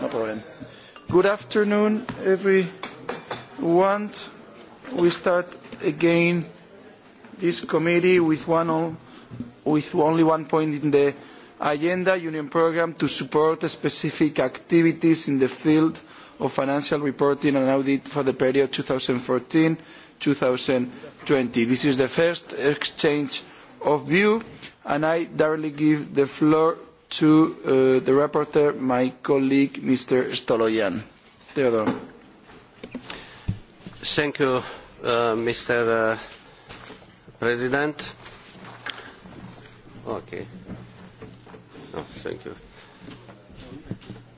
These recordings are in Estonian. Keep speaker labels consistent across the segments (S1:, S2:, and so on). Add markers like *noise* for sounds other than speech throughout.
S1: No problem. Good afternoon, everyone. We start again this committee with, one on, with only one point in the agenda, Union Programme to support specific activities in the field of financial reporting and audit for the period 2014-2020. This is the first exchange of view, and I directly give the floor to uh, the rapporteur, my colleague, Mr. Stoloyan. Theodore.
S2: Thank you, uh, Mr. Uh, President. Okay. No, thank you.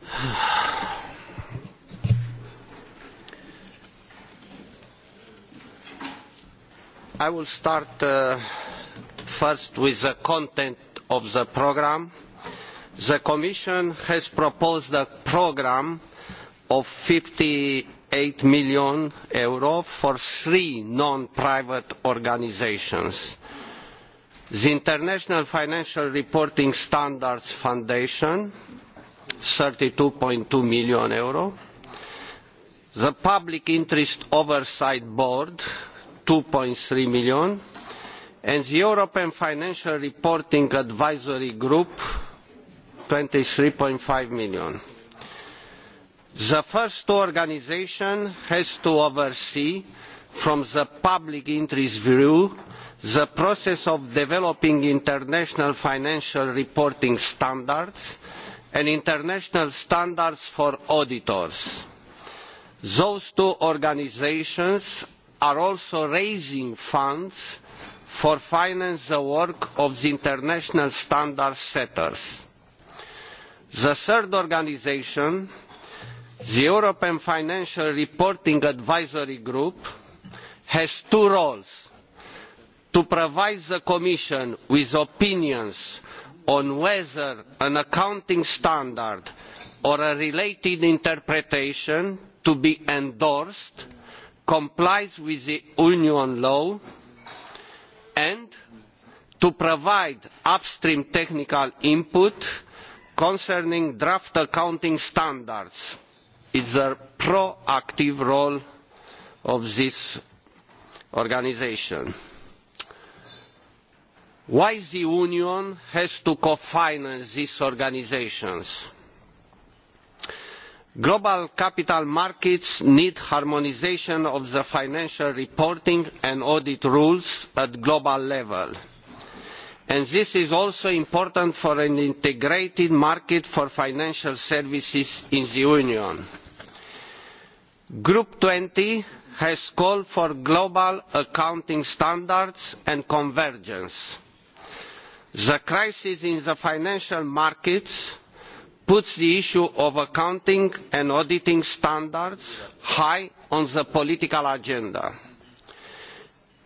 S2: *sighs* I will start uh, first with the content of the programme the Commission has proposed a programme of 58 million euro for three non-private organisations. The International Financial Reporting Standards Foundation, 32.2 million euro. The Public Interest Oversight Board, 2.3 million. And the European Financial Reporting Advisory Group, twenty three five million. the first two organisations have to oversee from the public interest view the process of developing international financial reporting standards and international standards for auditors. Those two organisations are also raising funds for finance the work of the international standard setters the third organisation the european financial reporting advisory group has two roles to provide the commission with opinions on whether an accounting standard or a related interpretation to be endorsed complies with union law and to provide upstream technical input concerning draft accounting standards it is a proactive role of this organisation. Why the Union has to co-finance these organisations? Global capital markets need harmonisation of the financial reporting and audit rules at global level and this is also important for an integrated market for financial services in the union. group twenty has called for global accounting standards and convergence. the crisis in the financial markets puts the issue of accounting and auditing standards high on the political agenda.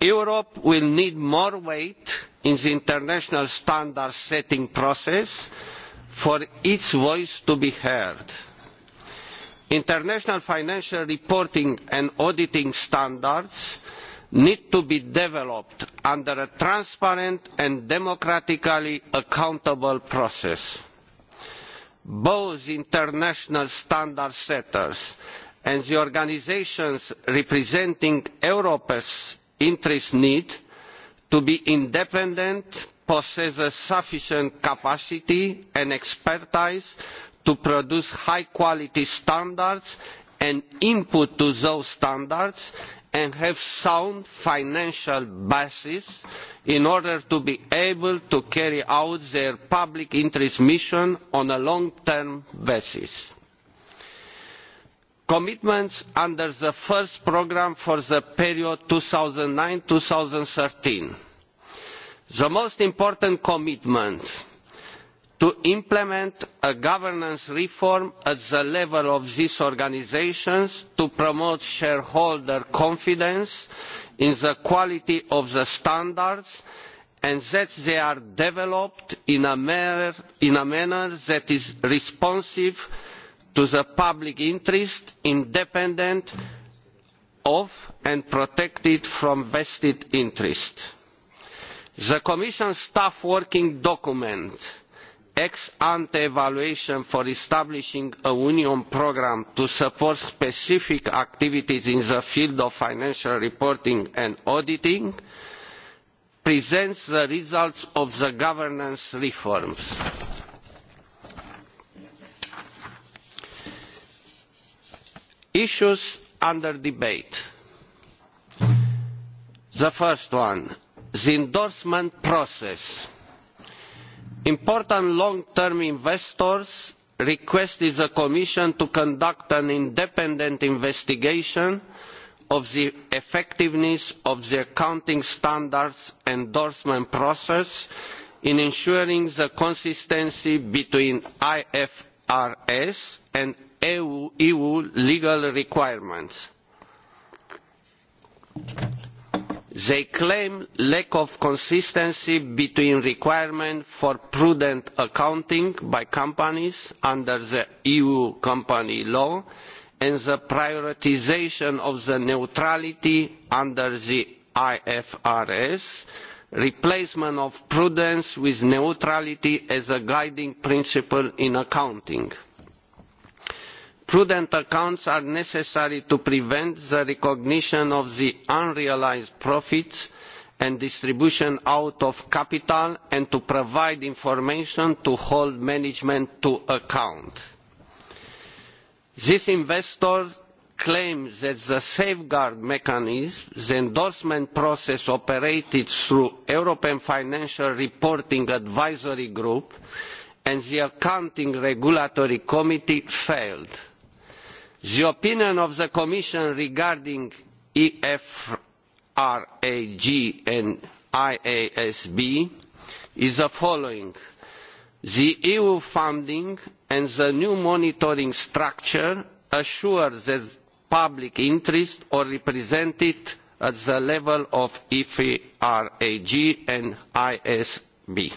S2: europe will need more weight in the international standard setting process for its voice to be heard. International financial reporting and auditing standards need to be developed under a transparent and democratically accountable process. Both international standard setters and the organisations representing Europe's interests need to be independent possesses sufficient capacity and expertise to produce high quality standards and input to those standards and have sound financial basis in order to be able to carry out their public interest mission on a long term basis. Commitments under the first programme for the period 2009-2013 the most important commitment to implement a governance reform at the level of these organisations to promote shareholder confidence in the quality of the standards and that they are developed in a manner, in a manner that is responsive to the public interest, independent of and protected from vested interests the commission staff working document ex ante evaluation for establishing a union programme to support specific activities in the field of financial reporting and auditing presents the results of the governance reforms. Issues under debate. The first one, the endorsement process. important long term investors requested the commission to conduct an independent investigation of the effectiveness of the accounting standards endorsement process in ensuring the consistency between ifrs and eu e legal requirements. They claim lack of consistency between requirements for prudent accounting by companies under the EU company law and the prioritisation of the neutrality under the IFRS, replacement of prudence with neutrality as a guiding principle in accounting prudent accounts are necessary to prevent the recognition of the unrealised profits and distribution out of capital and to provide information to hold management to account. These investors claim that the safeguard mechanism, the endorsement process operated through European Financial Reporting Advisory Group and the Accounting Regulatory Committee failed the opinion of the commission regarding efrag and iasb is the following the eu funding and the new monitoring structure assure the public interest or represented at the level of efrag and isb.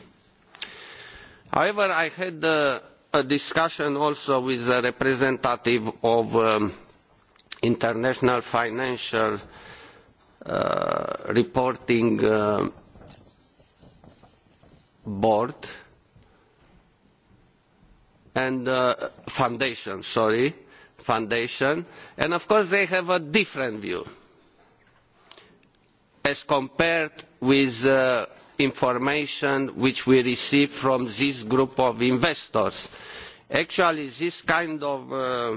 S2: however i had the a discussion also with the representative of um, international financial uh, reporting uh, board and uh, foundation sorry foundation and of course they have a different view as compared with uh, information which we receive from this group of investors. Actually, this kind of uh,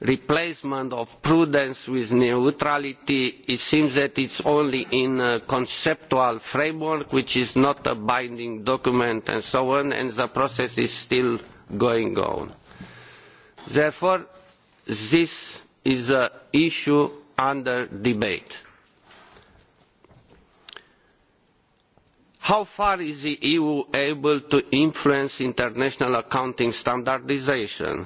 S2: replacement of prudence with neutrality, it seems that it's only in a conceptual framework which is not a binding document and so on, and the process is still going on. Therefore, this is an issue under debate how far is the eu able to influence international accounting standardisation?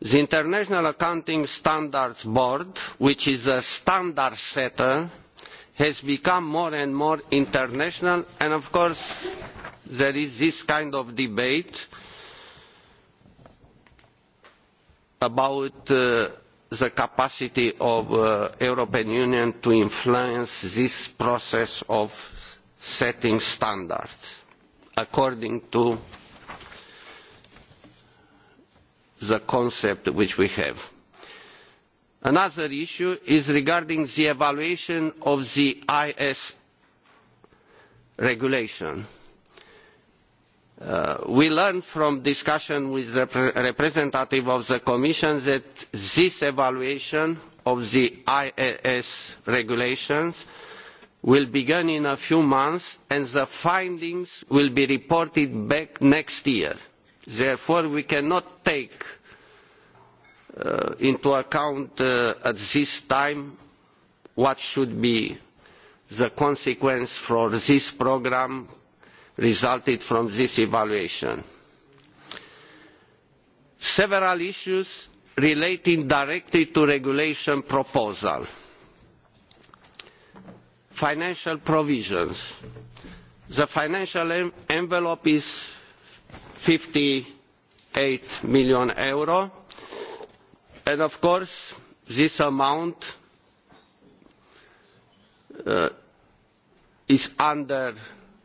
S2: the international accounting standards board which is a standard setter has become more and more international and of course there is this kind of debate about uh, the capacity of the uh, European Union to influence this process of setting standards according to the concept which we have. Another issue is regarding the evaluation of the IS regulation. Uh, we learned from discussion with the representative of the Commission that this evaluation of the IAS regulations uh, will begin in a few months and the findings will be reported back next year. Therefore, we cannot take uh, into account uh, at this time what should be the consequence for this programme resulted from this evaluation. Several issues relating directly to regulation proposal financial provisions. The financial en envelope is 58 million euro, and of course, this amount uh, is under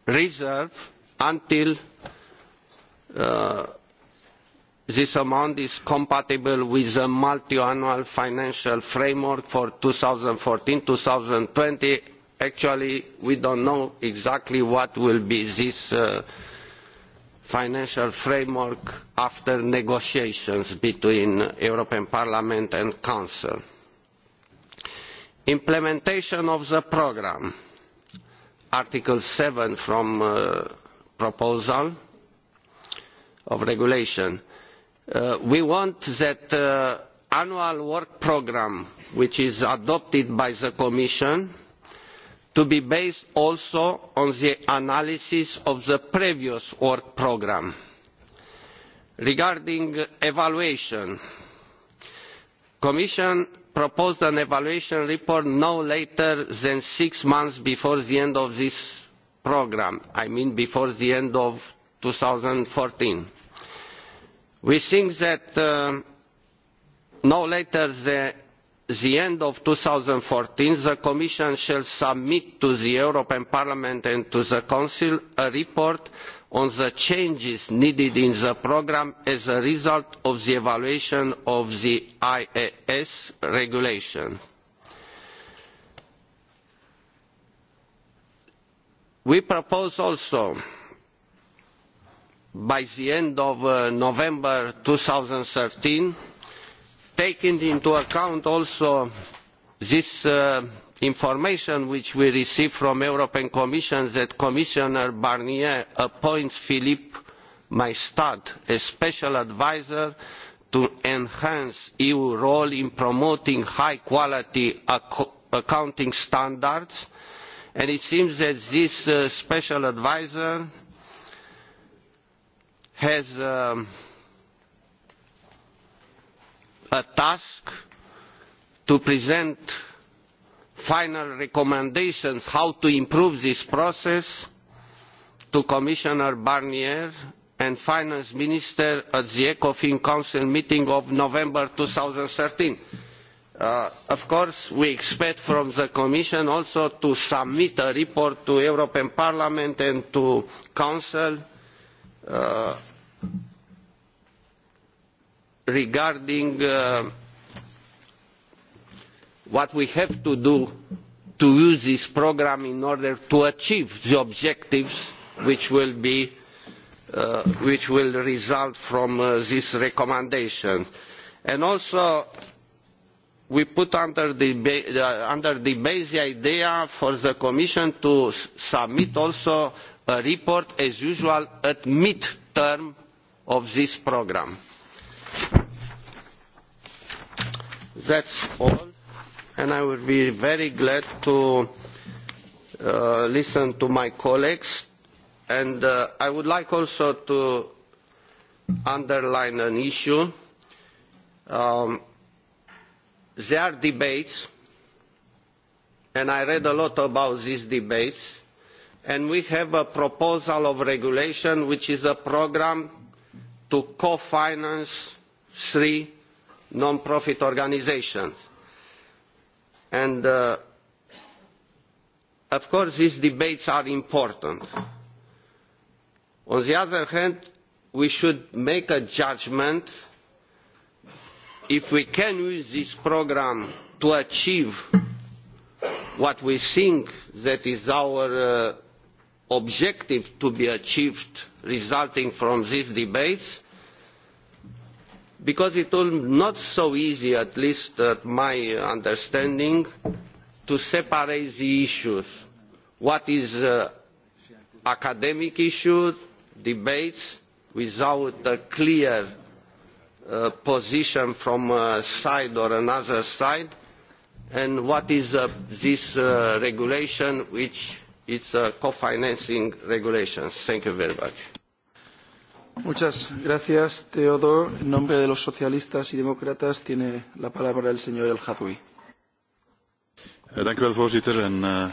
S2: reserve until uh, this amount is compatible with the multiannual financial framework for 2014-2020 actually we don't know exactly what will be this uh, financial framework after negotiations between European Parliament and Council. Implementation of the programme, Article 7 from uh, proposal of regulation. Uh, we want that uh, annual work programme which is adopted by the Commission to be based also on the analysis of the previous work programme. regarding evaluation the commission proposed an evaluation report no later than six months before the end of this programme i mean before the end of. two thousand and fourteen we think that uh, no later the end of two thousand and fourteen the commission shall submit to the european parliament and to the council a report on the changes needed in the programme as a result of the evaluation of the ias regulation. we propose also by the end of uh, november two thousand and thirteen taking into account also this uh, information which we receive from the european commission that commissioner barnier appoints philippe maystadt as special adviser to enhance the eu role in promoting high quality ac accounting standards and it seems that this uh, special adviser has um, uh, a task to present final recommendations on how to improve this process to Commissioner Barnier and Finance Minister at the ECOFIN Council meeting of November 2013. Uh, of course, we expect from the Commission also to submit a report to European Parliament and to Council uh, regarding uh, what we have to do to use this program in order to achieve the objectives which will be uh, which will result from uh, this recommendation and also we put under, deba uh, under debate the idea for the Commission to submit also a report as usual at mid-term of this programme that's all, and I will be very glad to uh, listen to my colleagues. And uh, I would like also to underline an issue. Um, there are debates, and I read a lot about these debates, and we have a proposal of regulation which is a program to co-finance three non profit organizations. And uh, of course these debates are important. On the other hand, we should make a judgment if we can use this program to achieve what we think that is our uh, objective to be achieved resulting from these debates because it was not so easy, at least at my understanding, to separate the issues. What is uh, academic issue, debates, without a clear uh, position from a side or another side, and what is uh, this uh, regulation, which is a co-financing regulation. Thank you very much.
S1: Muchas gracias, Teodor. En nombre de los socialistas y demócratas tiene la palabra el señor El Hadoui.
S3: Eh, dank u wel, voorzitter. En, uh,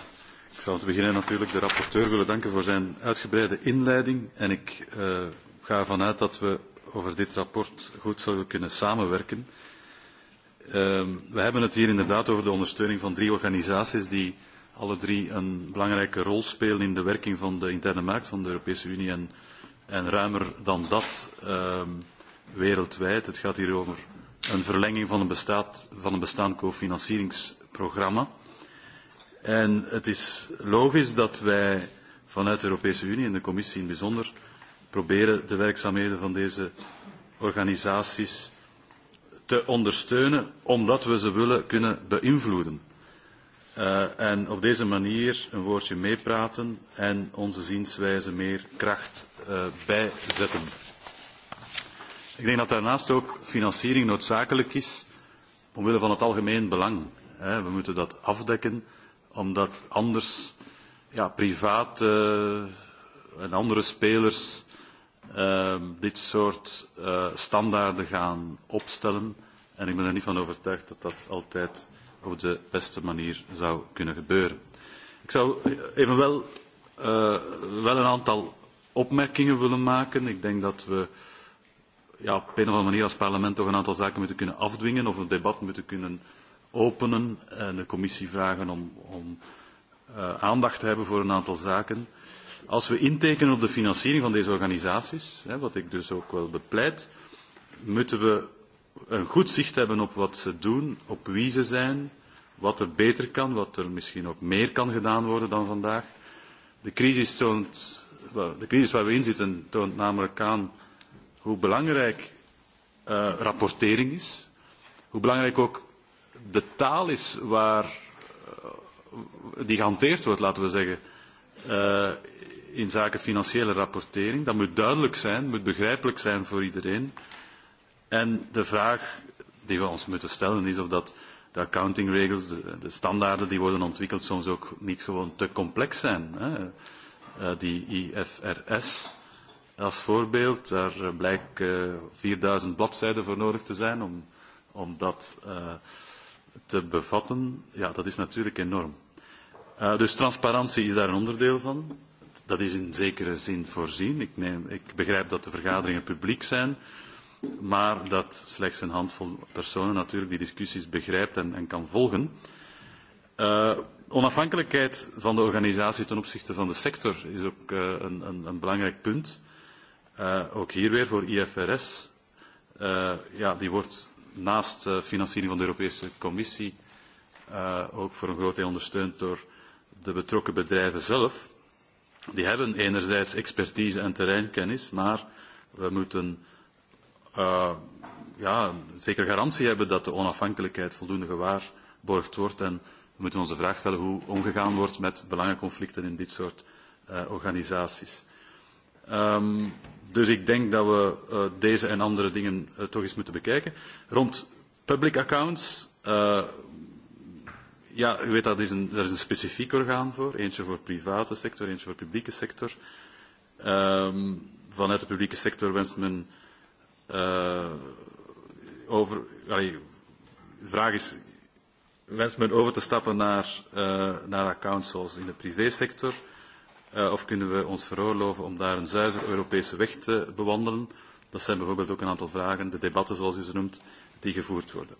S3: ik zal te beginnen natuurlijk de rapporteur willen danken voor zijn uitgebreide inleiding. En ik uh, ga ervan uit dat we over dit rapport goed zullen kunnen samenwerken. Uh, we hebben het hier inderdaad over de ondersteuning van drie organisaties die alle drie een belangrijke rol spelen in de werking van de interne markt van de Europese Unie en en ruimer dan dat um, wereldwijd. Het gaat hier over een verlenging van een, bestaat, van een bestaand cofinancieringsprogramma. En het is logisch dat wij vanuit de Europese Unie en de Commissie in het bijzonder proberen de werkzaamheden van deze organisaties te ondersteunen omdat we ze willen kunnen beïnvloeden. Uh, en op deze manier een woordje meepraten en onze zienswijze meer kracht uh, bijzetten. Ik denk dat daarnaast ook financiering noodzakelijk is omwille van het algemeen belang. Hè. We moeten dat afdekken omdat anders ja, privaat uh, en andere spelers uh, dit soort uh, standaarden gaan opstellen. En ik ben er niet van overtuigd dat dat altijd uh, op de beste manier zou kunnen gebeuren. Ik zou evenwel uh, wel een aantal opmerkingen willen maken. Ik denk dat we ja, op een of andere manier als parlement toch een aantal zaken moeten kunnen afdwingen of een debat moeten kunnen openen en de commissie vragen om, om uh, aandacht te hebben voor een aantal zaken. Als we intekenen op de financiering van deze organisaties, hè, wat ik dus ook wel bepleit, moeten we een goed zicht hebben op wat ze doen, op wie ze zijn, wat er beter kan, wat er misschien ook meer kan gedaan worden dan vandaag. De crisis, toont, wel, de crisis waar we in zitten toont namelijk aan hoe belangrijk uh, rapportering is, hoe belangrijk ook de taal is waar, uh, die gehanteerd wordt, laten we zeggen, uh, in zaken financiële rapportering. Dat moet duidelijk zijn, moet begrijpelijk zijn voor iedereen. Uh, En de vraag die we ons moeten stellen is of dat de accountingregels, de, de standaarden die worden ontwikkeld, soms ook niet gewoon te complex zijn. Hè. Uh, die IFRS als voorbeeld, daar eh, blijkt uh, eh, 4000 bladzijden voor nodig te zijn om, om dat uh, te bevatten. Ja, dat is natuurlijk enorm. Uh, dus transparantie is daar een onderdeel van. Dat is in zekere zin voorzien. Ik, neem, ik begrijp dat de vergaderingen publiek zijn. Uh, maar dat slechts een handvol personen natuurlijk die discussies begrijpt en, en kan volgen. Uh, onafhankelijkheid van de organisatie ten opzichte van de sector is ook uh, een, een, een belangrijk punt. Uh, ook hier weer voor IFRS. Uh, ja, die wordt naast uh, financiering van de Europese Commissie uh, ook voor een groot deel ondersteund door de betrokken bedrijven zelf. Die hebben enerzijds expertise en terreinkennis, maar we moeten uh, ja, zeker garantie hebben dat de onafhankelijkheid voldoende gewaarborgd wordt. En we moeten ons de vraag stellen hoe omgegaan wordt met belangenconflicten in dit soort uh, organisaties. Um, dus ik denk dat we uh, deze en andere dingen uh, toch eens moeten bekijken. Rond public accounts, uh, ja, u weet dat is een, daar is een specifiek orgaan voor. Eentje voor private sector, eentje voor publieke sector. Um, vanuit de publieke sector wenst men Uh, over, allee, de vraag is, wenst men over te stappen naar, uh, naar accounts zoals in de privésector? Uh, of kunnen we ons veroorloven om daar een zuiver Europese weg te bewandelen? Dat zijn bijvoorbeeld ook een aantal vragen, de debatten zoals u ze noemt, die gevoerd worden.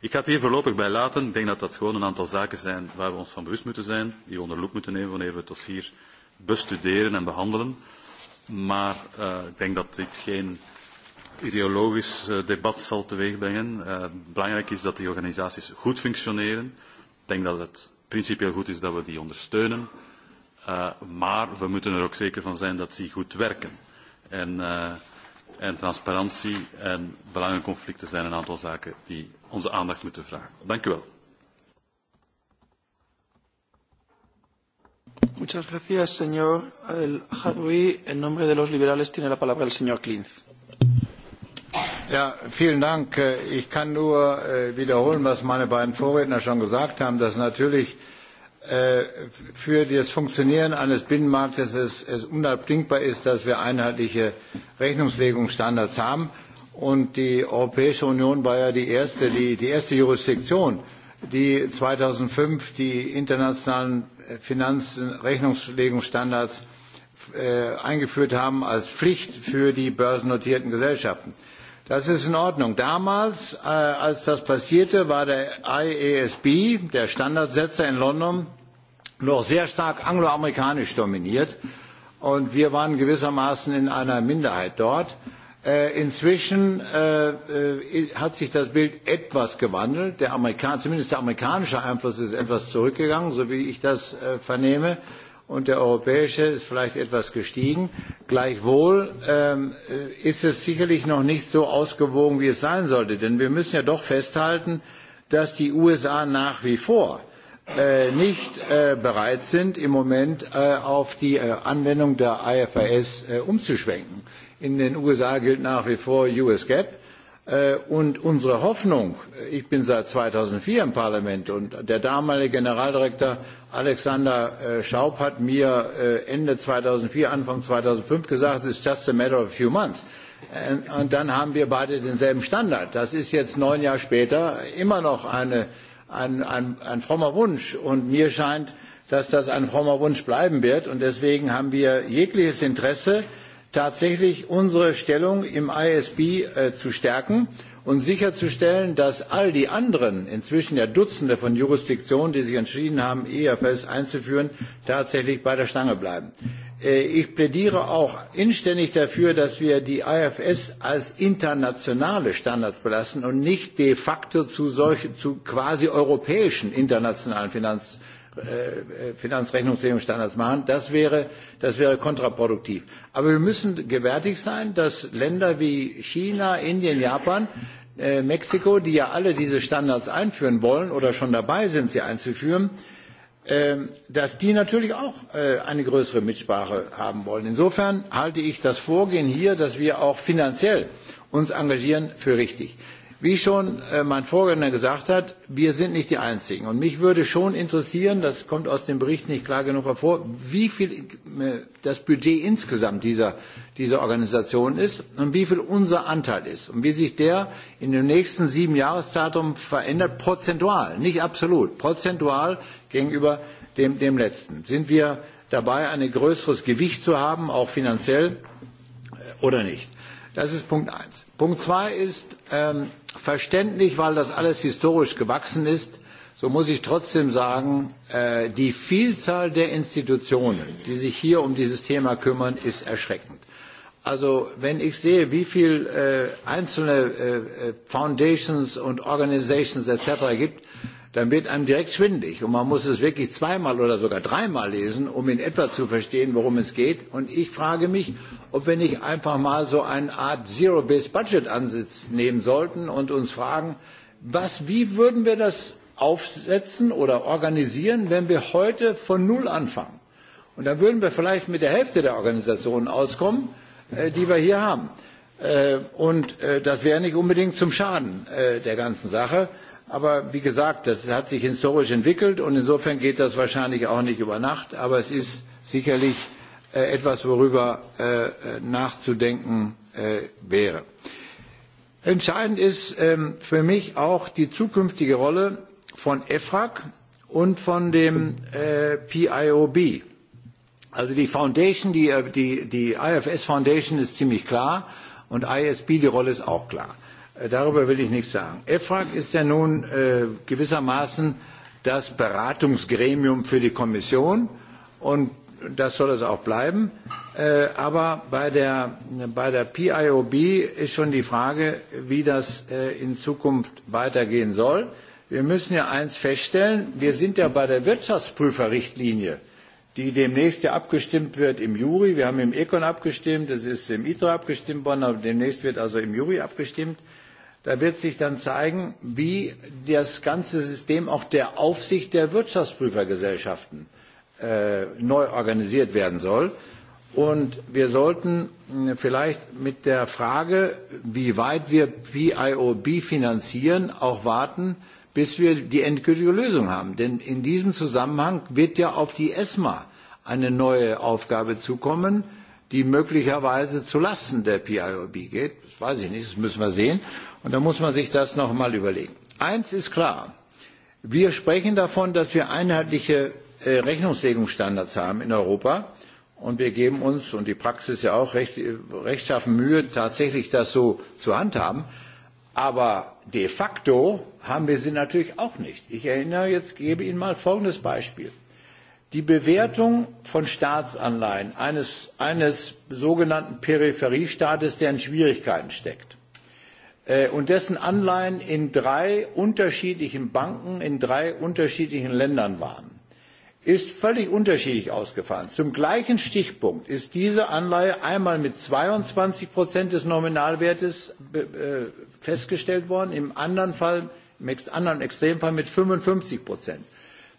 S3: Ik ga het hier voorlopig bij laten. Ik denk dat dat gewoon een aantal zaken zijn waar we ons van bewust moeten zijn, die we onder loep moeten nemen wanneer we het dossier bestuderen en behandelen. Maar uh, ik denk dat dit geen uh, ideologisch eh, debat zal teweegbrengen. Uh, belangrijk is dat die organisaties goed functioneren. Ik denk dat het principieel goed is dat we die ondersteunen. Uh, maar we moeten er ook zeker van zijn dat die goed werken. En, uh, en transparantie en belangenconflicten zijn een aantal zaken die onze aandacht moeten vragen. Dank u wel. Muchas
S1: gracias, señor El Hadoui. En nombre de los liberales tiene la palabra el señor Klinz.
S4: Ja, vielen Dank. Äh, ich kann nur äh, wiederholen, was meine beiden Vorredner schon gesagt haben, dass natürlich äh, für das Funktionieren eines Binnenmarktes es, es unabdingbar ist, dass wir einheitliche Rechnungslegungsstandards haben. Und die Europäische Union war ja die erste, die, die erste Jurisdiktion, die 2005 die internationalen Finanzrechnungslegungsstandards äh, eingeführt haben als Pflicht für die börsennotierten Gesellschaften. Das ist in Ordnung. Damals, äh, als das passierte, war der IASB, der Standardsetzer in London, noch sehr stark angloamerikanisch dominiert. Und wir waren gewissermaßen in einer Minderheit dort. Äh, inzwischen äh, äh, hat sich das Bild etwas gewandelt. Der Amerikan zumindest der amerikanische Einfluss ist etwas zurückgegangen, so wie ich das äh, vernehme. Äh, und der europäische ist vielleicht etwas gestiegen. Gleichwohl ähm, äh, ist es sicherlich noch nicht so ausgewogen, wie es sein sollte. Denn wir müssen ja doch festhalten, dass die USA nach wie vor äh, nicht äh, bereit sind, im Moment äh, auf die äh, Anwendung der IFRS äh, umzuschwenken. In den USA gilt nach wie vor US GAAP Äh, und unsere Hoffnung, ich bin seit 2004 im Parlament und der damalige Generaldirektor Alexander äh, Schaub hat mir äh, Ende 2004, Anfang 2005 gesagt, it's just a matter of a few months. Und dann haben wir beide denselben Standard. Das ist jetzt neun Jahre später immer noch eine, ein, ein, ein frommer Wunsch. Und mir scheint, dass das ein frommer Wunsch bleiben wird. Und deswegen haben wir jegliches Interesse, äh, tatsächlich unsere Stellung im ISB äh, zu stärken und sicherzustellen, dass all die anderen, inzwischen ja Dutzende von Jurisdiktionen, die sich entschieden haben, EFS einzuführen, tatsächlich bei der Stange bleiben. Äh, ich plädiere auch inständig dafür, dass wir die IFS als internationale Standards belassen und nicht de facto zu, solch, zu quasi europäischen internationalen Finanz, Äh, Finanzrechnungslegungsstandards machen. Das wäre, das wäre kontraproduktiv. Aber wir müssen gewärtig sein, dass Länder wie China, Indien, Japan, äh, Mexiko, die ja alle diese Standards einführen wollen oder schon dabei sind, sie einzuführen, äh, dass die natürlich auch äh, eine größere Mitsprache haben wollen. Insofern halte ich das Vorgehen hier, dass wir auch finanziell uns engagieren, für richtig. Wie schon äh, mein Vorredner gesagt hat, wir sind nicht die Einzigen. Und mich würde schon interessieren, das kommt aus dem Bericht nicht klar genug hervor, wie viel äh, das Budget insgesamt dieser, dieser Organisation ist und wie viel unser Anteil ist und wie sich der in dem nächsten sieben Jahreszeitraum verändert, prozentual, nicht absolut, prozentual gegenüber dem, dem letzten. Sind wir dabei, ein größeres Gewicht zu haben, auch finanziell äh, oder nicht? Das ist Punkt eins. Punkt zwei ist ähm, verständlich, weil das alles historisch gewachsen ist. So muss ich trotzdem sagen, äh, die Vielzahl der Institutionen, die sich hier um dieses Thema kümmern, ist erschreckend. Also wenn ich sehe, wie viele äh, einzelne äh, äh, Foundations und Organizations etc. gibt, äh, dann wird einem direkt schwindig und man muss es wirklich zweimal oder sogar dreimal lesen, um in etwa zu verstehen, worum es geht. Und ich frage mich, ob wir nicht einfach mal so eine Art Zero-Based-Budget-Ansatz nehmen sollten und uns fragen, was, wie würden wir das aufsetzen oder organisieren, wenn wir heute von Null anfangen? Und dann würden wir vielleicht mit der Hälfte der Organisationen auskommen, äh, die wir hier haben. Äh, und äh, das wäre nicht unbedingt zum Schaden äh, der ganzen Sache. Äh, Aber wie gesagt, das hat sich historisch entwickelt und insofern geht das wahrscheinlich auch nicht über Nacht. Aber es ist sicherlich äh, etwas, worüber äh, nachzudenken äh, wäre. Entscheidend ist ähm, für mich auch die zukünftige Rolle von EFRAG und von dem äh, PIOB. Also die Foundation, die, äh, die, die IFS Foundation ist ziemlich klar und ISB, die Rolle ist auch klar. Darüber will ich nichts sagen. EFRAG ist ja nun äh, gewissermaßen das Beratungsgremium für die Kommission und das soll es auch bleiben. Äh, aber bei der, bei der PIOB ist schon die Frage, wie das äh, in Zukunft weitergehen soll. Wir müssen ja eins feststellen, wir sind ja bei der Wirtschaftsprüferrichtlinie, die demnächst ja abgestimmt wird im Juri. Wir haben im Econ abgestimmt, es ist im ITRA abgestimmt worden, aber demnächst wird also im Juri abgestimmt. Äh, Da wird sich dann zeigen, wie das ganze System auch der Aufsicht der Wirtschaftsprüfergesellschaften äh, neu organisiert werden soll. Und wir sollten äh, vielleicht mit der Frage, wie weit wir PIOB finanzieren, auch warten, bis wir die endgültige Lösung haben. Denn in diesem Zusammenhang wird ja auf die ESMA eine neue Aufgabe zukommen, die möglicherweise zu Lasten der PIOB geht. Das weiß ich nicht, das müssen wir sehen. Und da muss man sich das noch einmal überlegen. Eins ist klar. Wir sprechen davon, dass wir einheitliche äh, Rechnungslegungsstandards haben in Europa. Und wir geben uns und die Praxis ja auch recht, äh, rechtschaffen Mühe, tatsächlich das so zu handhaben. Aber de facto haben wir sie natürlich auch nicht. Ich erinnere jetzt, gebe Ihnen mal folgendes Beispiel. Die Bewertung von Staatsanleihen eines, eines sogenannten Peripheriestaates, der in Schwierigkeiten steckt, Äh, und dessen Anleihen in drei unterschiedlichen Banken in drei unterschiedlichen Ländern waren, ist völlig unterschiedlich ausgefallen. Zum gleichen Stichpunkt ist diese Anleihe einmal mit 22 Prozent des Nominalwertes äh, festgestellt worden, im anderen Fall, im anderen Extremfall mit 55 Prozent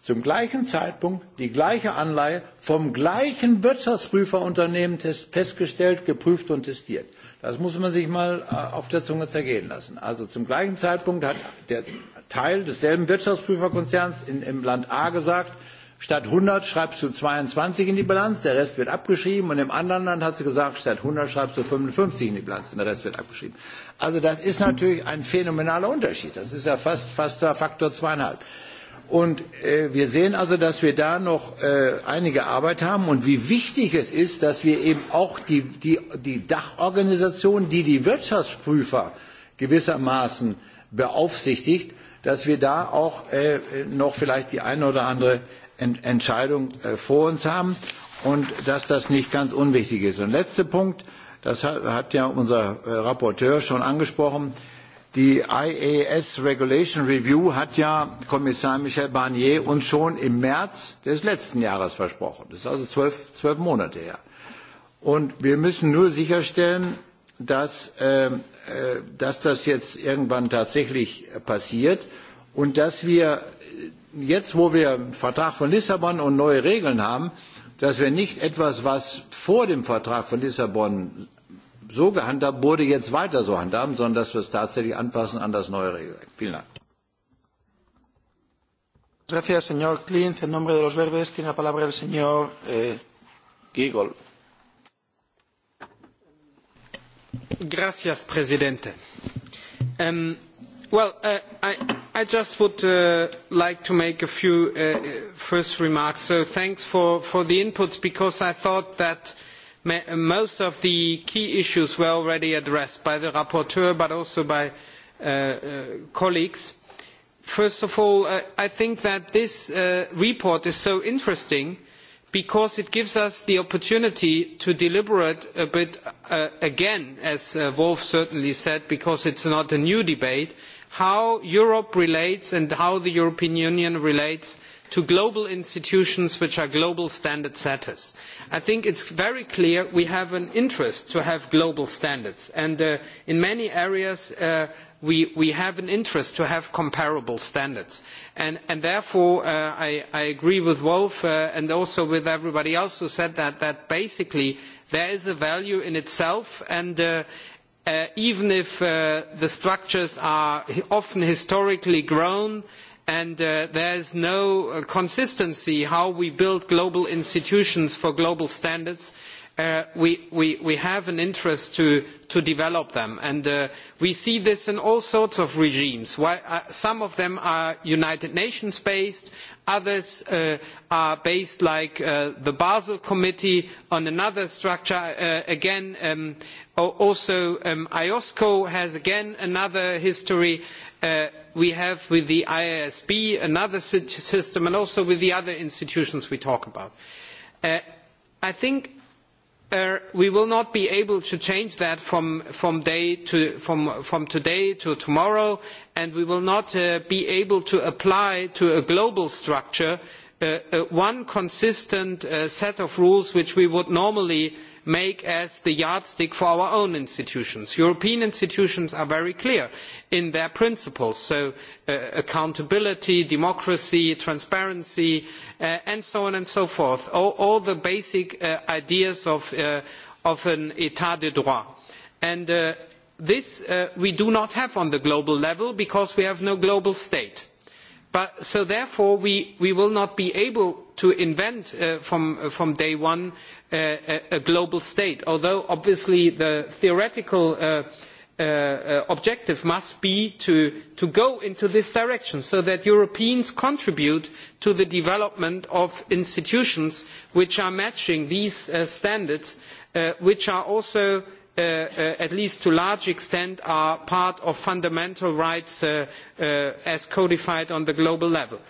S4: zum gleichen Zeitpunkt die gleiche Anleihe vom gleichen Wirtschaftsprüferunternehmen festgestellt, geprüft und testiert. Das muss man sich mal äh, auf der Zunge zergehen lassen. Also zum gleichen Zeitpunkt hat der Teil desselben Wirtschaftsprüferkonzerns in, im Land A gesagt, statt 100 schreibst du 22 in die Bilanz, der Rest wird abgeschrieben. Und im anderen Land hat sie gesagt, statt 100 schreibst du 55 in die Bilanz und der Rest wird abgeschrieben. Also das ist natürlich ein phänomenaler Unterschied. Das ist ja fast, fast der Faktor zweieinhalb. Und äh, wir sehen also, dass wir da noch äh, einige Arbeit haben und wie wichtig es ist, dass wir eben auch die, die, die Dachorganisation, die die Wirtschaftsprüfer gewissermaßen beaufsichtigt, dass wir da auch äh, noch vielleicht die eine oder andere Ent Entscheidung äh, vor uns haben und dass das nicht ganz unwichtig ist. Und letzter Punkt, das hat, hat ja unser äh, Rapporteur schon angesprochen, äh, Die IAS Regulation Review hat ja Kommissar Michel Barnier uns schon im März des letzten Jahres versprochen. Das ist also zwölf, zwölf Monate her. Und wir müssen nur sicherstellen, dass, ähm, äh, dass das jetzt irgendwann tatsächlich passiert und dass wir jetzt, wo wir einen Vertrag von Lissabon und neue Regeln haben, dass wir nicht etwas, was vor dem Vertrag von Lissabon so gehandhabt wurde, jetzt weiter so handhaben, sondern dass wir es tatsächlich anpassen an das neue Regelwerk. Vielen Dank.
S1: Gracias, señor Klintz. En nombre de los verdes tiene la palabra el señor eh, Giegold. Gracias,
S5: Presidente. Um, well, uh, I, I just would uh, like to make a few uh, uh first remarks. So thanks for, for the inputs because I thought that uh, most of the key issues were already addressed by the rapporteur but also by uh, uh, colleagues. First of all, uh, I think that this uh, report is so interesting because it gives us the opportunity to deliberate a bit uh, again, as uh, Wolf certainly said, because it's not a new debate, how Europe relates and how the European Union relates uh, to global institutions which are global standard setters. I think it's very clear we have an interest to have global standards and uh, in many areas uh, we, we have an interest to have comparable standards. And, and therefore, uh, I, I agree with Wolf uh, and also with everybody else who said that, that basically there is a value in itself and, uh, uh, even if uh, the structures are often historically grown uh, and uh, there is no uh, consistency how we build global institutions for global standards uh, we, we, we have an interest to, to develop them. And uh, we see this in all sorts of regimes. Why, uh, some of them are United Nations based, others uh, are based like uh, the Basel Committee on another structure. Uh, again, um, also um, IOSCO has again another history. Uh, uh, we have with the IASB, another system, and also with the other institutions we talk about. Uh, I think uh, we will not be able to change that from, from, day to, from, from today to tomorrow, and we will not uh, be able to apply to a global structure uh, uh, one consistent uh, set of rules which we would normally uh, make as the yardstick for our own institutions. European institutions are very clear in their principles, so uh, accountability, democracy, transparency, uh, and so on and so forth, all, all the basic uh, ideas of, uh, of an état de droit. And uh, this uh, we do not have on the global level because we have no global state But, so therefore, we, we will not be able to invent uh, from, uh, from day one uh, a, a global state, although obviously the theoretical uh, uh, uh, objective must be to, to go into this direction so that Europeans contribute to the development of institutions which are matching these uh, standards, uh, which are also uh, Uh, uh, at least to a large extent are part of fundamental rights uh, uh, as codified on the global level.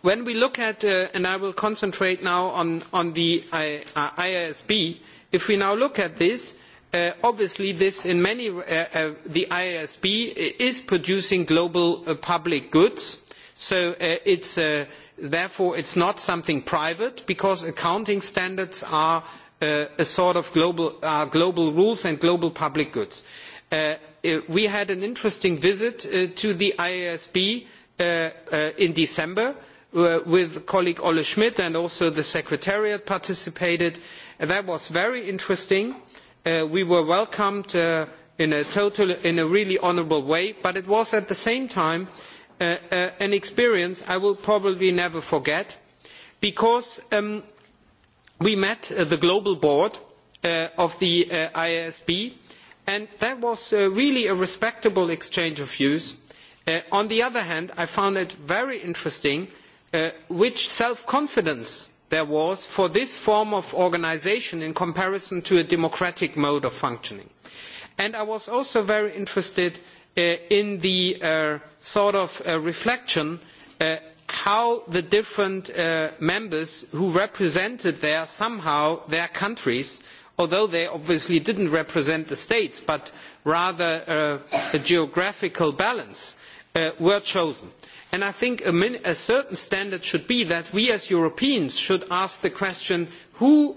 S5: when we look at and i will concentrate now on, on the iasb if we now look at this Uh, obviously this in many uh, uh, the ISB is producing global uh, public goods so uh, it's uh, therefore it's not something private because accounting standards are uh, uh, a sort of global, uh, global rules and global public goods. Uh, uh we had an interesting visit uh, to the IASB uh, uh, in December uh, with colleague Ole Schmidt and also the Secretariat participated. And that was very interesting. Uh, we were welcomed uh, in a total, in a really honourable way, but it was at the same time uh, uh, an experience I will probably never forget because um, we met uh, the global board uh, of the uh, IASB, and that was uh, really a respectable exchange of views. Uh, on the other hand, I found it very interesting uh, which self-confidence there was for this form of organization in comparison to a democratic mode of functioning. And I was also very interested uh, in the uh, sort of uh, reflection uh, how the different uh, members who represented there somehow their countries although they obviously did not represent the states but rather uh, a geographical balance uh, were chosen. And i think a, min, a certain standard should be that we as europeans should ask the question who,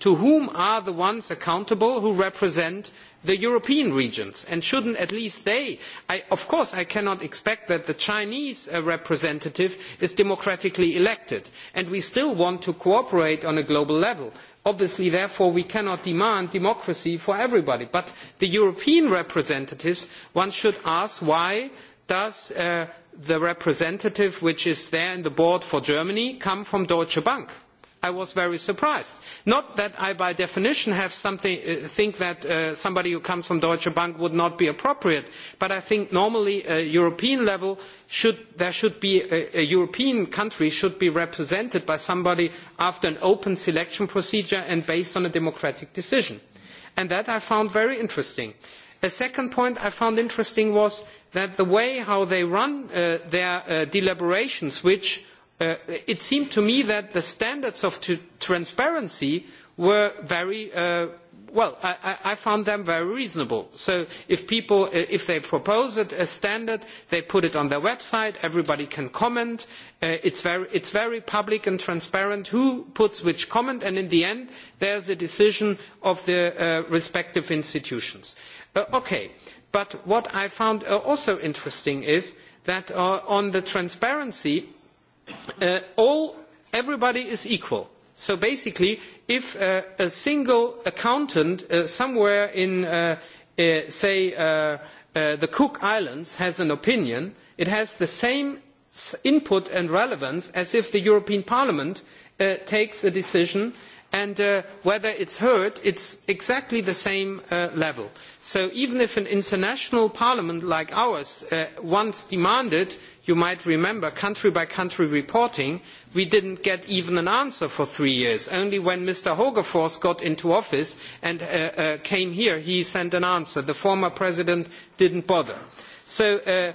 S5: to whom are the ones accountable who represent the European regions, and shouldn't at least they? I, of course, I cannot expect that the Chinese uh, representative is democratically elected, and we still want to cooperate on a global level. Obviously, therefore, we cannot demand democracy for everybody. But the European representatives, one should ask why does uh, the representative which is there in the board for Germany come from Deutsche Bank? Uh, i was very surprised. not that i by definition uh, think that uh, somebody who comes from deutsche bank would not be appropriate but i think normally at uh, european level a european country should be represented by somebody after an open selection procedure and based on a democratic decision. that i found very interesting. a second point i found interesting was the way they run their deliberations which uh, it seemed to me that the standards of t- transparency were very uh, well. I, I found them very reasonable. So if people, uh, if they propose it as standard, they put it on their website. Everybody can comment. Uh, it's very, it's very public and transparent who puts which comment, and in the end, there's a decision of the uh, respective institutions. Uh, okay, but what I found uh, also interesting is that uh, on the transparency uh, all, everybody is equal. So basically, if uh, a single accountant uh, somewhere in, uh, uh, say, uh, uh, the Cook Islands has an opinion, it has the same input and relevance as if the European Parliament uh, takes a decision and uh, whether it is heard it is exactly the same uh, level. so even if an international parliament like ours uh, once demanded you might remember country by country reporting, we didn't get even an answer for three years. Only when Mr. Hogefors got into office and uh, uh, came here, he sent an answer. The former president didn't bother. So, uh,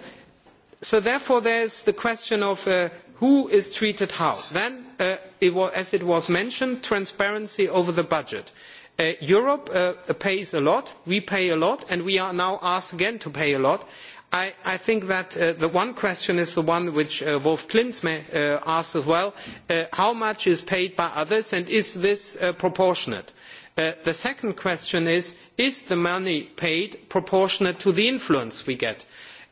S5: so therefore there's the question of uh, who is treated how. Then, uh, it was, as it was mentioned, transparency over the budget. Uh, Europe uh, pays a lot, we pay a lot, and we are now asked again to pay a lot I, I think that uh, the one question is the one which uh, Wolf Klintz may, uh, asked as well. Uh, how much is paid by others and is this uh, proportionate? Uh, the second question is, is the money paid proportionate to the influence we get?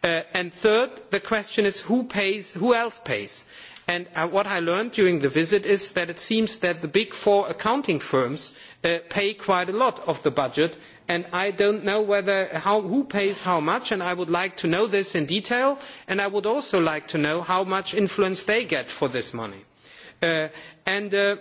S5: Uh, and third, the question is who pays, who else pays? And uh, what I learned during the visit is that it seems that the big four accounting firms uh, pay quite a lot of the budget and i do not know whether, how, who pays how much and i would like to know this in detail and i would also like to know how much influence they get for this money. Uh, and, uh,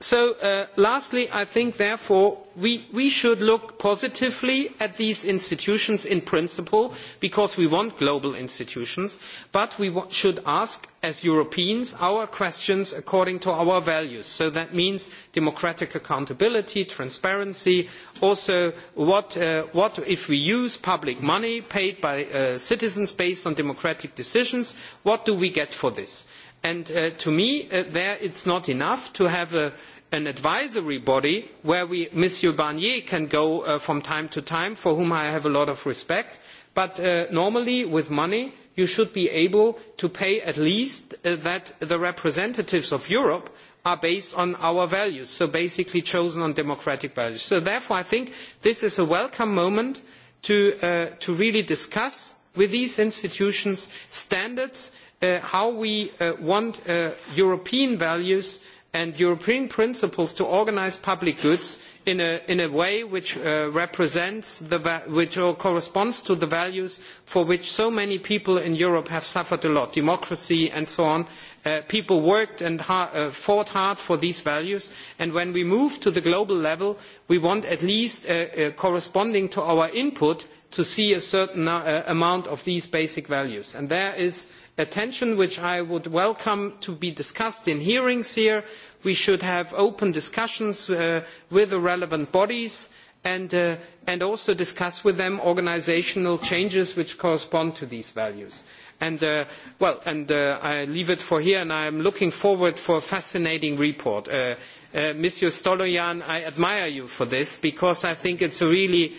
S5: So, uh, lastly, I think, therefore, we, we should look positively at these institutions in principle, because we want global institutions, but we should ask, as Europeans, our questions according to our values. So that means democratic accountability, transparency, also what, uh, what if we use public money paid by uh, citizens based on democratic decisions, what do we get for this? Uh, And uh, to me, uh, there it's not enough to have a, an advisory body where we, Monsieur Barnier can go uh, from time to time, for whom I have a lot of respect. But uh, normally, with money, you should be able to pay at least uh, that the representatives of Europe are based on our values, so basically chosen on democratic values. So therefore, I think this is a welcome moment to, uh, to really discuss with these institutions standards uh, how we uh, want uh, European values and European principles to organize public goods in a, in a way which uh, represents the va- which corresponds to the values for which so many people in Europe have suffered a lot, democracy and so on. Uh, people worked and ha- uh, fought hard for these values, and when we move to the global level, we want at least uh, uh, corresponding to our input to see a certain uh, amount of these basic values. And there is uh, attention which i would welcome to be discussed in hearings here. we should have open discussions uh, with the relevant bodies and, uh, and also discuss with them organisational changes which correspond to these values. And, uh, well, and, uh, i leave it here and i am looking forward to a fascinating report. Uh, uh, mr stolojan i admire you for this because i think it is really,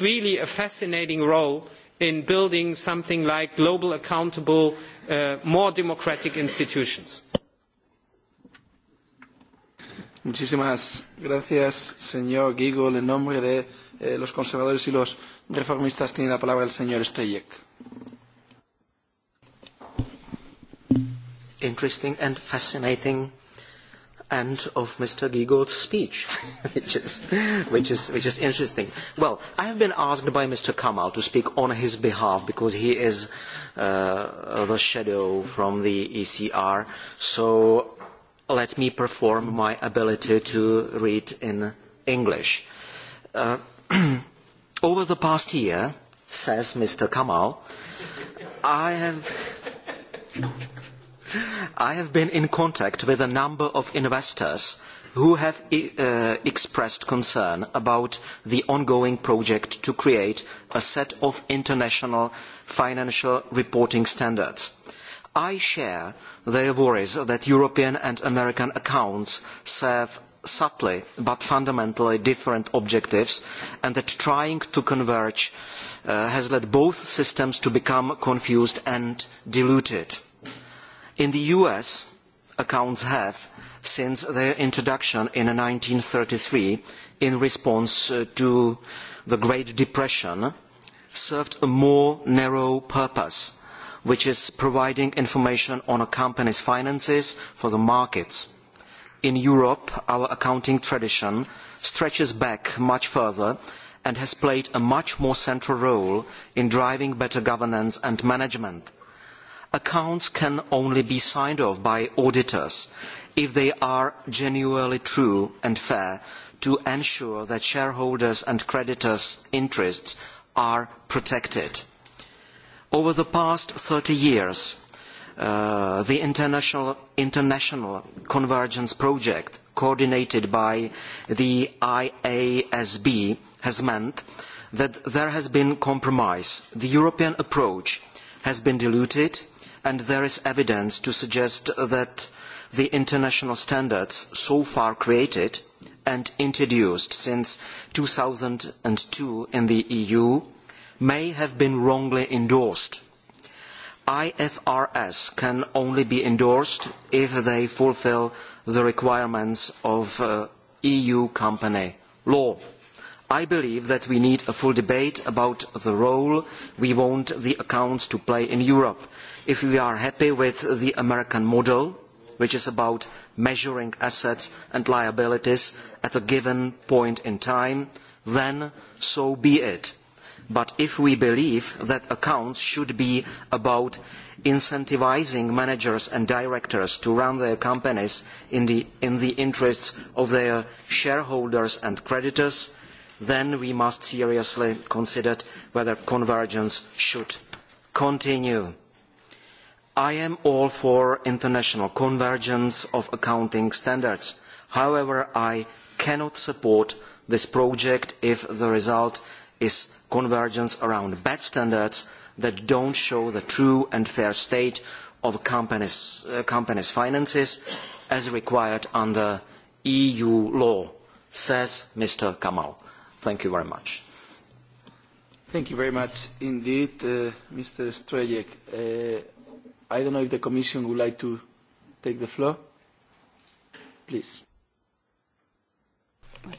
S5: really a fascinating role in building something like global accountable, uh, more democratic institutions.
S1: Muchísimas gracias, señor Giegold. En nombre de eh, los conservadores y los
S6: reformistas tiene la palabra el señor Stejek. Interesting and fascinating and of Mr. Giegold's speech, *laughs* which is, which is, which is interesting. Well, I have been asked by Mr. Kamal to speak on his behalf because he is uh, the shadow from the ECR. So let me perform my ability to read in English. Uh, *clears throat* over the past year, says Mr. Kamal, I have. I have been in contact with a number of investors who have e, uh, expressed concern about the ongoing project to create a set of international financial reporting standards. I share their worries that European and American accounts serve subtly but fundamentally different objectives and that trying to converge uh, has led both systems to become confused and diluted In the US, accounts have, since their introduction in 1933, in response uh, to the Great Depression, served a more narrow purpose, which is providing information on a company's finances for the markets. In Europe, our accounting tradition stretches back much further and has played a much more central role in driving better governance and management accounts can only be signed off by auditors if they are genuinely true and fair to ensure that shareholders' and creditors' interests are protected. Over the past 30 years, uh, the international, international Convergence Project, coordinated by the IASB, has meant that there has been compromise. The European approach has been diluted, uh, and there is evidence to suggest that the international standards so far created and introduced since 2002 in the EU may have been wrongly endorsed. IFRS can only be endorsed if they fulfill the requirements of uh, EU company law. I believe that we need a full debate about the role we want the accounts to play in Europe. If we are happy with the American model, which is about measuring assets and liabilities at a given point in time, then so be it. But if we believe that accounts should be about incentivizing managers and directors to run their companies in the, in the interests of their shareholders and creditors, then we must seriously consider whether convergence should continue. I am all for international convergence of accounting standards. However, I cannot support this project if the result is convergence around bad standards that don't show the true and fair state of companies, uh, companies' finances as required under EU law, says Mr. Kamal. Thank you very much.
S1: Thank you very much indeed, uh, Mr. Strejek. Uh, I don't know if the Commission would like to take the floor. Please.
S7: Voilà.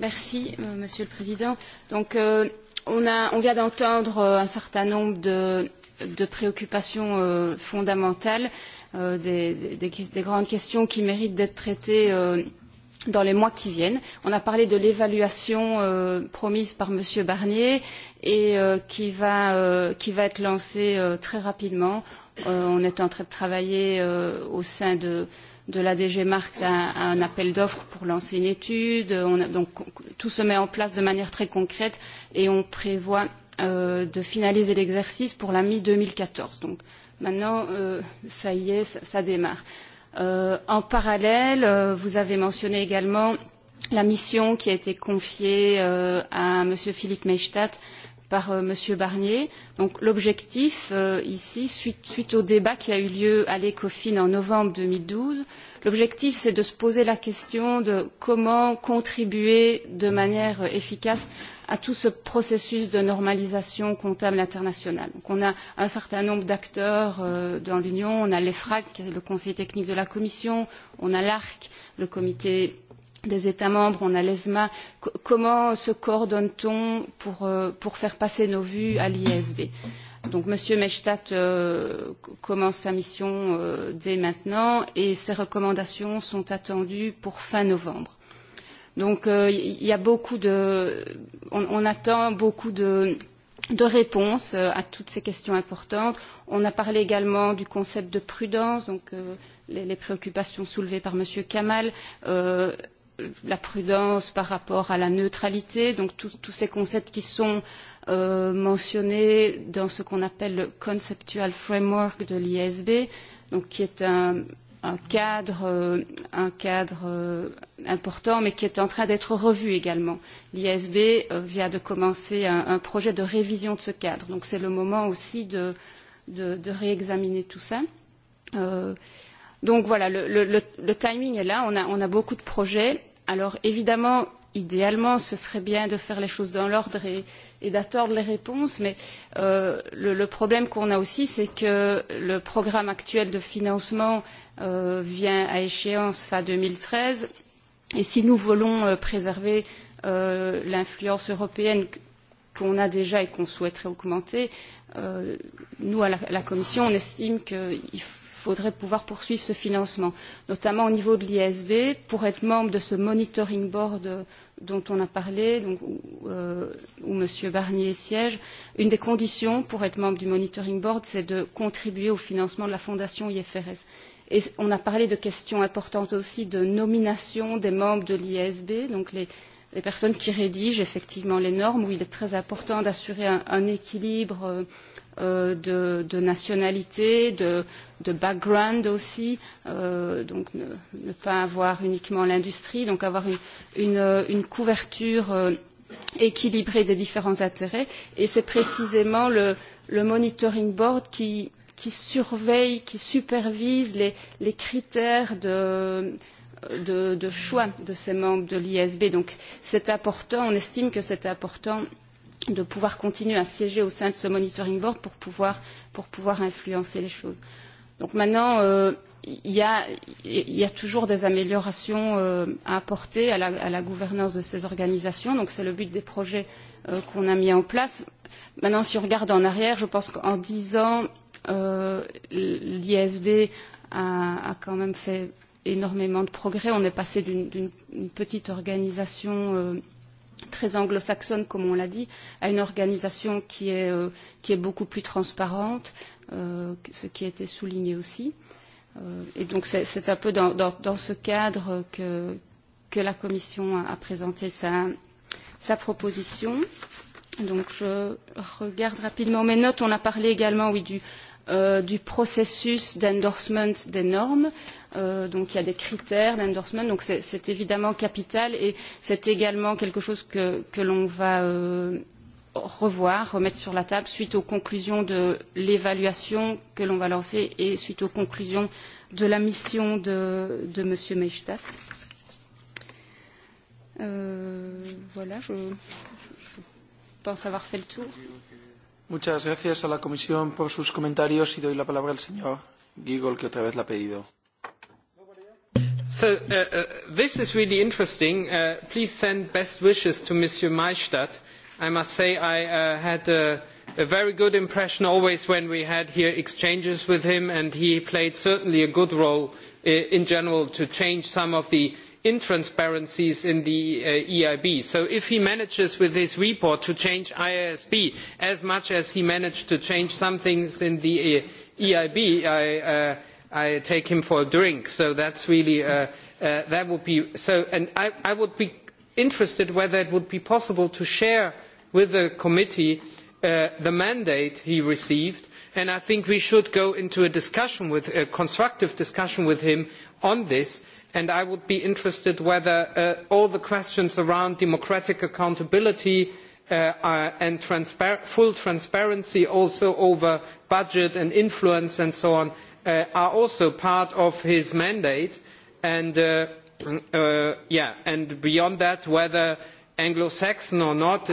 S7: Merci, euh, Monsieur le Président. Donc, euh, on, a, on vient d'entendre euh, un certain nombre de, de préoccupations euh, fondamentales, euh, des, des, des grandes questions qui méritent d'être traitées euh, dans les mois qui viennent. On a parlé de l'évaluation euh, promise par M. Barnier et euh, qui, va, euh, qui va être lancée euh, très rapidement. Euh, on est en train de travailler euh, au sein de, de la DG Markt à, à un appel d'offres pour lancer une étude. On a, donc tout se met en place de manière très concrète et on prévoit euh, de finaliser l'exercice pour la mi-2014. Donc maintenant, euh, ça y est, ça, ça démarre. Euh, Euh, en parallèle, euh, vous avez mentionné également la mission qui a été confiée euh, à M. Philippe Meistat par euh, M. Barnier. Donc l'objectif euh, ici, suite, suite au débat qui a eu lieu à l'ECOFIN en novembre 2012, L'objectif, c'est de se poser la question de comment contribuer de manière efficace à tout ce processus de normalisation comptable internationale. Donc on a un certain nombre d'acteurs euh, dans l'Union, on a l'EFRAC, le conseil technique de la Commission, on a l'ARC, le comité des États membres, on a l'ESMA. C comment se coordonne-t-on pour, euh, pour faire passer nos vues à l'ISB Donc M. Mechtat euh, commence sa mission euh, dès maintenant et ses recommandations sont attendues pour fin novembre. Donc il euh, y a beaucoup de, on, on attend beaucoup de, de réponses euh, à toutes ces questions importantes. On a parlé également du concept de prudence, donc euh, les, les préoccupations soulevées par M. Kamal. Euh, la prudence par rapport à la neutralité, donc tous ces concepts qui sont euh, euh, mentionné dans ce qu'on appelle le conceptual framework de l'ISB, donc qui est un, un cadre, euh, un cadre euh, important, mais qui est en train d'être revu également. L'ISB euh, vient de commencer un, un projet de révision de ce cadre, donc c'est le moment aussi de, de, de réexaminer tout ça. Euh, donc voilà, le, le, le, le timing est là, on a, on a beaucoup de projets. Alors évidemment, idéalement, ce serait bien de faire les choses dans l'ordre et, et d'attendre les réponses, mais euh, le, le problème qu'on a aussi, c'est que le programme actuel de financement euh, vient à échéance fin 2013, et si nous voulons euh, préserver euh, l'influence européenne qu'on a déjà et qu'on souhaiterait augmenter, euh, nous, à la, à la Commission, on estime qu'il faudrait pouvoir poursuivre ce financement, notamment au niveau de l'ISB, pour être membre de ce monitoring board euh, dont on a parlé, donc, où, euh, où M. Barnier siège, une des conditions pour être membre du Monitoring Board, c'est de contribuer au financement de la fondation IFRS. Et on a parlé de questions importantes aussi de nomination des membres de l'ISB, donc les, les personnes qui rédigent effectivement les normes, où il est très important d'assurer un, un équilibre euh, euh, de, de nationalité, de, de background aussi, euh, donc ne, ne pas avoir uniquement l'industrie, donc avoir une, une, euh, une couverture euh, équilibrée des différents intérêts. Et c'est précisément le, le monitoring board qui, qui surveille, qui supervise les, les critères de, de, de choix de ces membres de l'ISB. Donc c'est important, on estime que c'est important euh, de pouvoir continuer à siéger au sein de ce monitoring board pour pouvoir, pour pouvoir influencer les choses. Donc maintenant, euh, il y a, y a toujours des améliorations euh, à apporter à la, à la gouvernance de ces organisations. Donc c'est le but des projets euh, qu'on a mis en place. Maintenant, si on regarde en arrière, je pense qu'en dix ans, euh, l'ISB a, a quand même fait énormément de progrès. On est passé d'une petite organisation euh, très anglo-saxonne, comme on l'a dit, à une organisation qui est, euh, qui est beaucoup plus transparente, euh, ce qui a été souligné aussi. Euh, et donc c'est un peu dans, dans, dans ce cadre que, que la Commission a, a présenté sa, sa proposition. Donc je regarde rapidement mes notes. On a parlé également oui, du, euh, euh, du processus d'endorsement des normes. Euh, donc il y a des critères d'endorsement, donc c'est évidemment capital et c'est également quelque chose que, que l'on va euh, revoir, remettre sur la table suite aux conclusions de l'évaluation que l'on va lancer et suite aux conclusions de la mission de, de M. Meifstadt. Euh, voilà, je, je pense avoir fait le tour.
S1: Muchas gracias a la Comisión por sus comentarios y doy la palabra al señor Giegold, que otra vez la ha pedido. So uh, uh, this is really interesting.
S5: Uh, please send best wishes to Monsieur Maestadt. I must say I uh, had a, a very good impression always when we had here exchanges with him, and he played certainly a good role uh, in general to change some of the intransparencies in the uh, EIB. So if he manages with his report to change IASB as much as he managed to change some things in the uh, EIB, I, uh, I take him for a drink. So that's really, uh, uh, that would be, so, and I, I would be interested whether it would be possible to share with the committee uh, the mandate he received and I think we should go into a discussion with, a constructive discussion with him on this uh, and i would be interested in whether uh, all the questions around democratic accountability Uh, uh and transpar full transparency also over budget and influence and so on uh, are also part of his mandate and, uh, uh yeah, and beyond that whether anglo saxon or not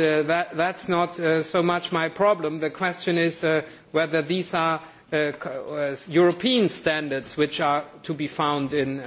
S5: that is not so much my problem the question is whether these are european standards which are to be found in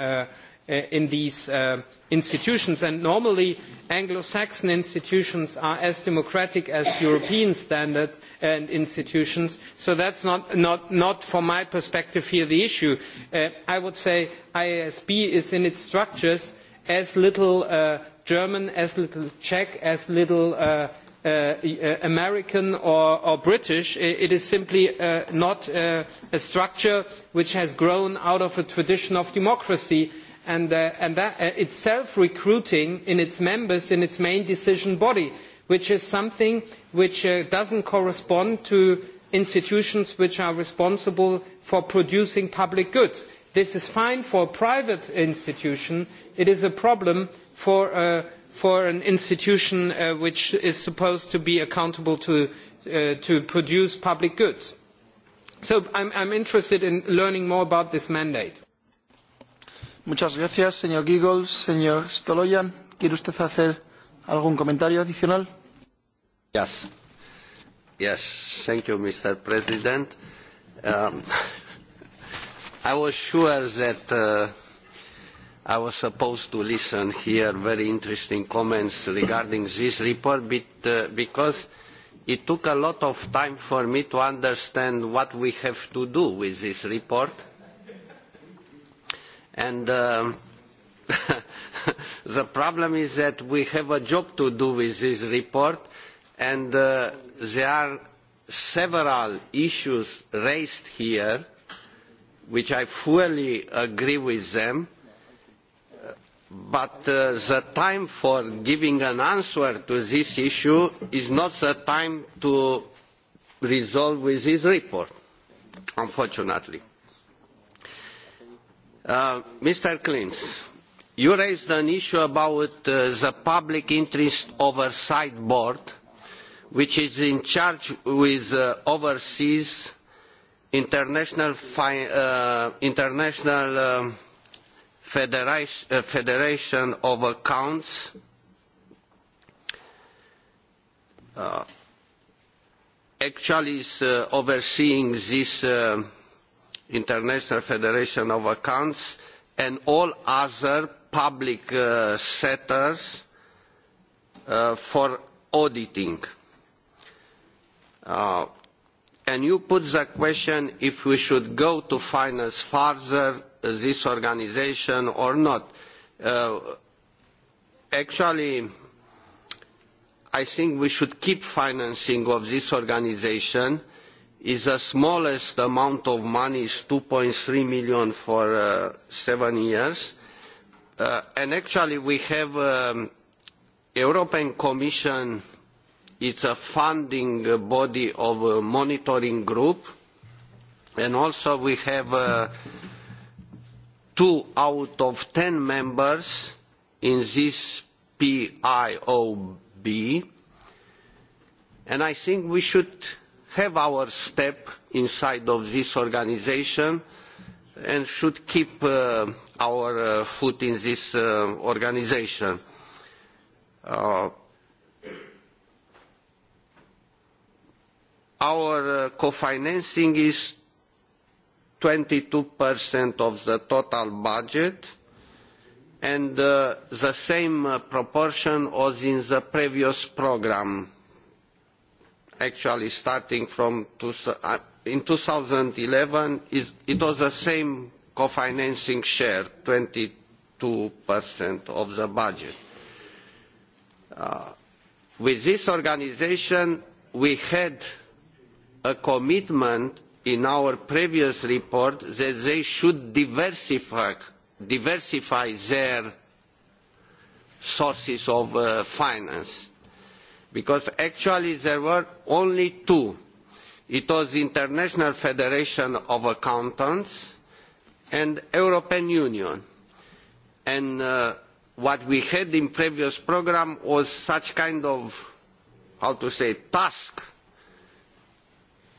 S5: uh, in these uh, institutions. And normally, Anglo-Saxon institutions are as democratic as European standards and institutions, so that's not, not, not from my perspective here the issue. Uh, I would say IASB is in its structures as little uh, German, as little Czech, as little uh, Uh, uh, american or, or british it is simply uh, not uh, a structure which has grown out of a tradition of democracy and, uh, and that, uh, itself recruiting in its members in its main decision body, which is something which uh, doesn't correspond to institutions which are responsible for producing public goods. This is fine for a private institution. It is a problem for, uh, for an institution uh, which is supposed to be accountable to, uh, to produce public goods. So I'm, I'm interested in learning more about
S1: this mandate. Muchas gracias, señor Giegold. Señor Stoloyan, ¿quiere usted hacer algún comentario adicional? Yes.
S2: Yes. Thank you, Mr. President. Um, *laughs* I was sure that uh, I was supposed to listen here very interesting comments regarding this report but, uh, because it took a lot of time for me to understand what we have to do with this report And um, *laughs* the problem is that we have a job to do with this report, and uh, there are several issues raised here, which I fully agree with them, but uh, the time for giving an answer to this issue is not the time to resolve with this report, unfortunately. Uh, Mr. Klintz, you raised an issue about uh, the Public Interest Oversight Board, which is in charge with uh, overseas international, fi- uh, international um, federation, uh, federation of accounts. Uh, actually is uh, overseeing this uh, international federation of accounts and all other public uh, sectors uh, for auditing. Uh, and you put the question if we should go to finance further uh, this organization or not. Uh, actually, I think we should keep financing of this organization uh, is the smallest amount of money is 2.3 million for uh, seven years. Uh, and actually we have um, European Commission, it's a funding body of a monitoring group. And also we have uh, two out of ten members in this PIOB. And I think we should have our step inside of this organization and should keep uh, our uh, foot in this uh, organization. Uh, our uh, co-financing is 22% of the total budget and uh, the same uh, proportion as in the previous program actually starting from two, uh, in 2011 is, it was the same co-financing share, 22% of the budget. Uh, with this organization, we had a commitment in our previous report that they should diversify, diversify their sources of uh, finance because actually there were only two. It was the International Federation of Accountants and European Union. And uh, what we had in previous program was such kind of, how to say, task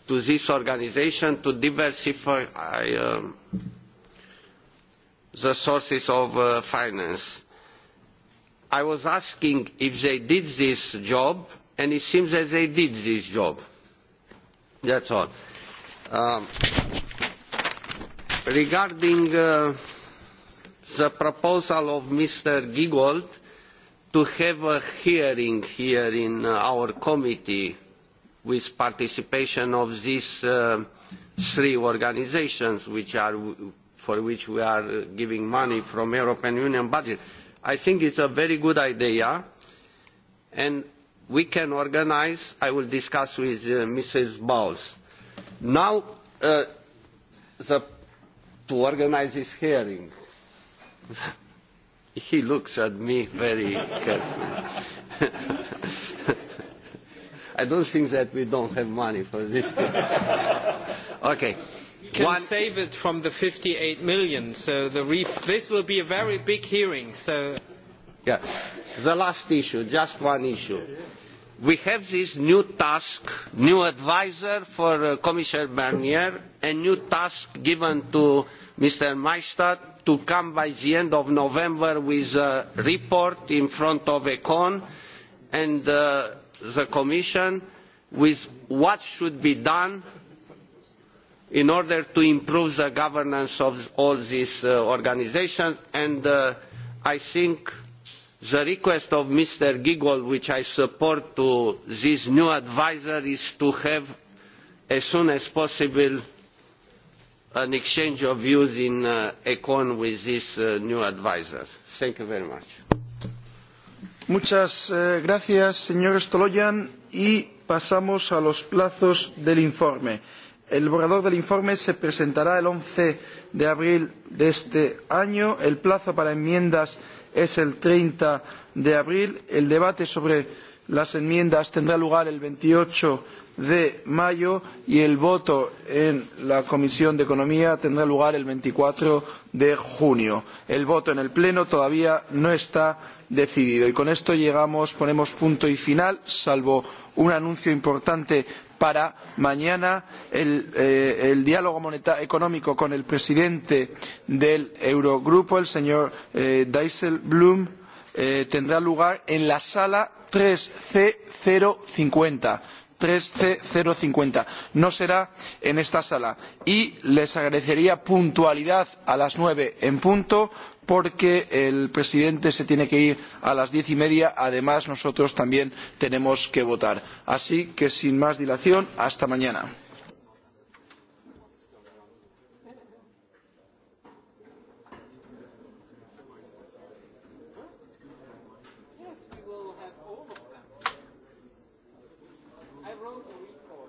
S2: to this organization to diversify um, the sources of uh, finance I was asking if they did this job, and it seems that they did this job. That's all. Um, regarding uh, the proposal of Mr. Giegold to have a hearing here in uh, our committee with participation of these uh, three organizations which are, for which we are giving money from European Union budget. Uh, I think it's a very good idea, and we can organize. I will discuss with uh, Mrs. Bowles. Now, uh, the, to organize this hearing, *laughs* he looks at me very *laughs* carefully. *laughs* I don't think that we don't have money for this. okay can one... save
S5: it from the 58 million. So the ref- this will be a very big hearing. So.
S2: Yeah. The last issue, just one issue. We have this new task, new advisor for uh, Commissioner Barnier, a new task given to Mr. Maestat to come by the end of November with a report in front of ECON and uh, the Commission with what should be done in order to improve the governance of all these uh, organizations and uh, I think the request of Mr. Giegold, which I support to this new advisor, is to have as soon as possible an exchange of views in uh, ECON with this uh, new advisor. Thank you very much.
S1: Muchas eh, gracias, señor Stoloyan, y pasamos a los plazos del informe. El borrador del informe se presentará el 11 de abril de este año. El plazo para enmiendas es el 30 de abril. El debate sobre las enmiendas tendrá lugar el 28 de mayo y el voto en la Comisión de Economía tendrá lugar el 24 de junio. El voto en el Pleno todavía no está decidido. Y con esto llegamos, ponemos punto y final, salvo un anuncio importante para mañana el, eh, el diálogo económico con el presidente del Eurogrupo, el señor eh, Dijsselbloem, eh, tendrá lugar en la sala 3C050. 3C050. No será en esta sala. Y les agradecería puntualidad a las 9 en punto porque el presidente se tiene que ir a las diez y media. Además, nosotros también tenemos que votar. Así que, sin más dilación, hasta mañana.